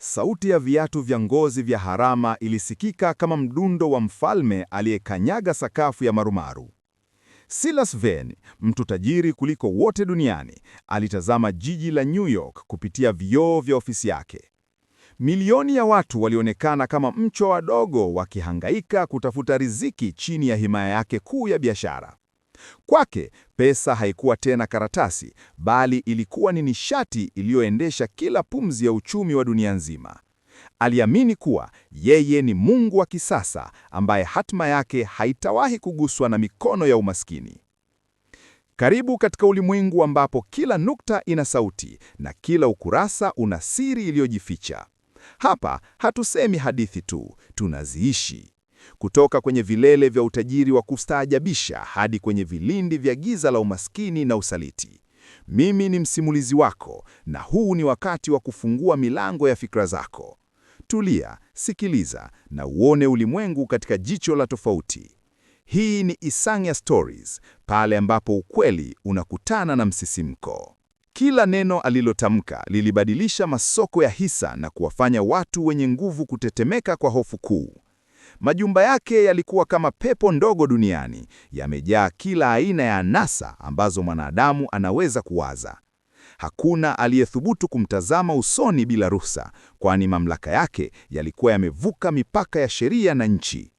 Sauti ya viatu vya ngozi vya Harama ilisikika kama mdundo wa mfalme aliyekanyaga sakafu ya marumaru. Silas Vane, mtu tajiri kuliko wote duniani, alitazama jiji la New York kupitia vioo vya ofisi yake. Milioni ya watu walionekana kama mchwa wadogo wakihangaika kutafuta riziki chini ya himaya yake kuu ya biashara. Kwake pesa haikuwa tena karatasi, bali ilikuwa ni nishati iliyoendesha kila pumzi ya uchumi wa dunia nzima. Aliamini kuwa yeye ni Mungu wa kisasa ambaye hatima yake haitawahi kuguswa na mikono ya umaskini. Karibu katika ulimwengu ambapo kila nukta ina sauti na kila ukurasa una siri iliyojificha. Hapa hatusemi hadithi tu, tunaziishi kutoka kwenye vilele vya utajiri wa kustaajabisha hadi kwenye vilindi vya giza la umaskini na usaliti. Mimi ni msimulizi wako na huu ni wakati wa kufungua milango ya fikra zako. Tulia, sikiliza na uone ulimwengu katika jicho la tofauti. Hii ni Isanya Stories, pale ambapo ukweli unakutana na msisimko. Kila neno alilotamka lilibadilisha masoko ya hisa na kuwafanya watu wenye nguvu kutetemeka kwa hofu kuu. Majumba yake yalikuwa kama pepo ndogo duniani, yamejaa kila aina ya anasa ambazo mwanadamu anaweza kuwaza. Hakuna aliyethubutu kumtazama usoni bila ruhusa, kwani mamlaka yake yalikuwa yamevuka mipaka ya sheria na nchi.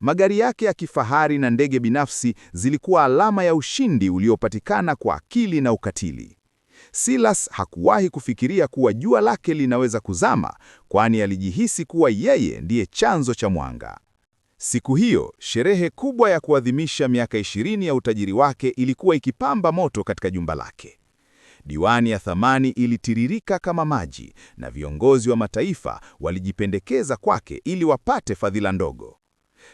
Magari yake ya kifahari na ndege binafsi zilikuwa alama ya ushindi uliopatikana kwa akili na ukatili. Silas hakuwahi kufikiria kuwa jua lake linaweza kuzama, kwani alijihisi kuwa yeye ndiye chanzo cha mwanga. Siku hiyo, sherehe kubwa ya kuadhimisha miaka 20 ya utajiri wake ilikuwa ikipamba moto katika jumba lake. Diwani ya thamani ilitiririka kama maji na viongozi wa mataifa walijipendekeza kwake ili wapate fadhila ndogo.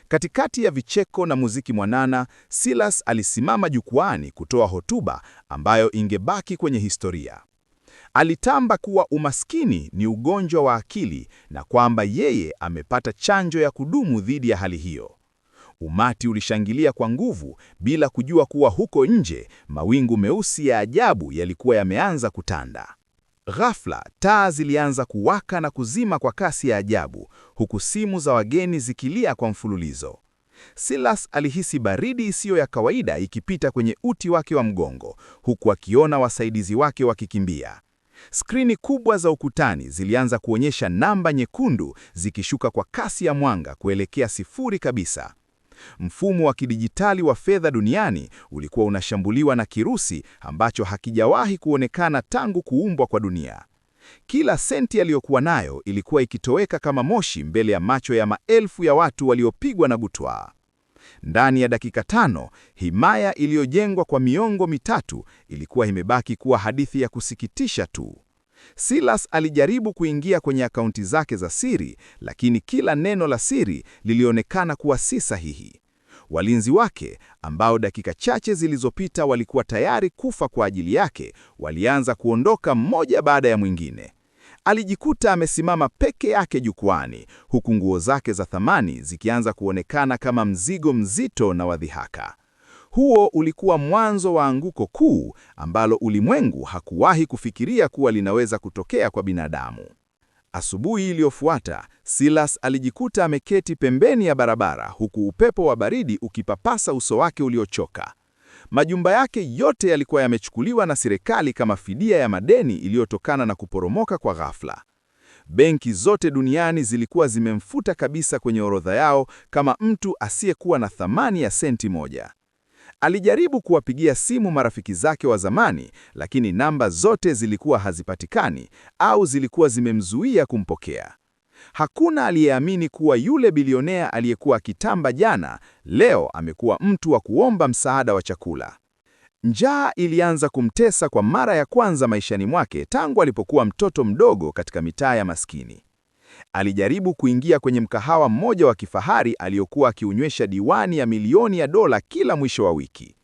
Katikati ya vicheko na muziki mwanana, Silas alisimama jukwaani kutoa hotuba ambayo ingebaki kwenye historia. Alitamba kuwa umaskini ni ugonjwa wa akili na kwamba yeye amepata chanjo ya kudumu dhidi ya hali hiyo. Umati ulishangilia kwa nguvu bila kujua kuwa huko nje mawingu meusi ya ajabu yalikuwa yameanza kutanda. Ghafla taa zilianza kuwaka na kuzima kwa kasi ya ajabu, huku simu za wageni zikilia kwa mfululizo. Silas alihisi baridi isiyo ya kawaida ikipita kwenye uti wake wa mgongo, huku akiona wasaidizi wake wakikimbia. Skrini kubwa za ukutani zilianza kuonyesha namba nyekundu zikishuka kwa kasi ya mwanga kuelekea sifuri kabisa. Mfumo wa kidijitali wa fedha duniani ulikuwa unashambuliwa na kirusi ambacho hakijawahi kuonekana tangu kuumbwa kwa dunia. Kila senti aliyokuwa nayo ilikuwa ikitoweka kama moshi mbele ya macho ya maelfu ya watu waliopigwa na butwaa. Ndani ya dakika tano, himaya iliyojengwa kwa miongo mitatu ilikuwa imebaki kuwa hadithi ya kusikitisha tu. Silas alijaribu kuingia kwenye akaunti zake za siri, lakini kila neno la siri lilionekana kuwa si sahihi. Walinzi wake ambao dakika chache zilizopita walikuwa tayari kufa kwa ajili yake, walianza kuondoka mmoja baada ya mwingine. Alijikuta amesimama peke yake jukwani, huku nguo zake za thamani zikianza kuonekana kama mzigo mzito na wadhihaka huo ulikuwa mwanzo wa anguko kuu ambalo ulimwengu hakuwahi kufikiria kuwa linaweza kutokea kwa binadamu. Asubuhi iliyofuata, Silas alijikuta ameketi pembeni ya barabara huku upepo wa baridi ukipapasa uso wake uliochoka. Majumba yake yote yalikuwa yamechukuliwa na serikali kama fidia ya madeni iliyotokana na kuporomoka kwa ghafla. Benki zote duniani zilikuwa zimemfuta kabisa kwenye orodha yao kama mtu asiyekuwa na thamani ya senti moja. Alijaribu kuwapigia simu marafiki zake wa zamani, lakini namba zote zilikuwa hazipatikani au zilikuwa zimemzuia kumpokea. Hakuna aliyeamini kuwa yule bilionea aliyekuwa akitamba jana, leo amekuwa mtu wa kuomba msaada wa chakula. Njaa ilianza kumtesa kwa mara ya kwanza maishani mwake tangu alipokuwa mtoto mdogo katika mitaa ya maskini. Alijaribu kuingia kwenye mkahawa mmoja wa kifahari aliyokuwa akiunywesha diwani ya milioni ya dola kila mwisho wa wiki.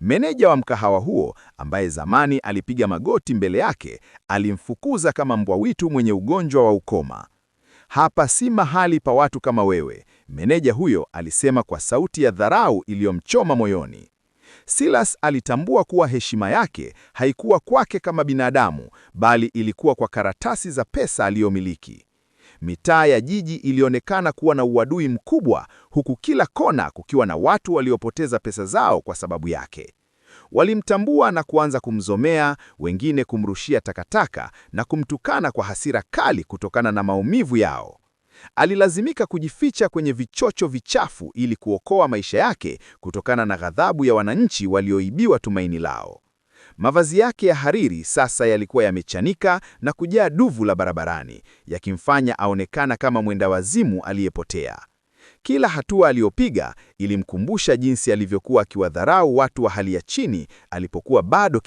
Meneja wa mkahawa huo ambaye zamani alipiga magoti mbele yake alimfukuza kama mbwa witu mwenye ugonjwa wa ukoma. Hapa si mahali pa watu kama wewe, meneja huyo alisema kwa sauti ya dharau iliyomchoma moyoni. Silas alitambua kuwa heshima yake haikuwa kwake kama binadamu, bali ilikuwa kwa karatasi za pesa aliyomiliki. Mitaa ya jiji ilionekana kuwa na uadui mkubwa, huku kila kona kukiwa na watu waliopoteza pesa zao kwa sababu yake. Walimtambua na kuanza kumzomea, wengine kumrushia takataka na kumtukana kwa hasira kali kutokana na maumivu yao. Alilazimika kujificha kwenye vichocho vichafu ili kuokoa maisha yake kutokana na ghadhabu ya wananchi walioibiwa tumaini lao. Mavazi yake ya hariri sasa yalikuwa yamechanika na kujaa duvu la barabarani, yakimfanya aonekana kama mwenda wazimu aliyepotea. Kila hatua aliyopiga ilimkumbusha jinsi alivyokuwa akiwadharau watu wa hali ya chini alipokuwa bado